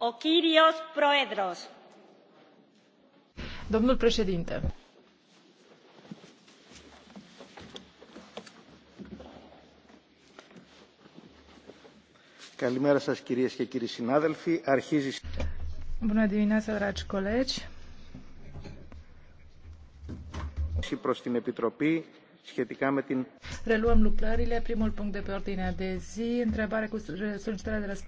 O Kyrios Proedros. Domnul președinte. Καλημέρα σας κυρίες και κύριοι συνάδελφοι. Αρχίζει... Bună dimineața, dragi colegi. Și προς την Επιτροπή Reluăm lucrările. Primul punct de pe ordinea de zi, întrebare cu solicitarea de răspuns.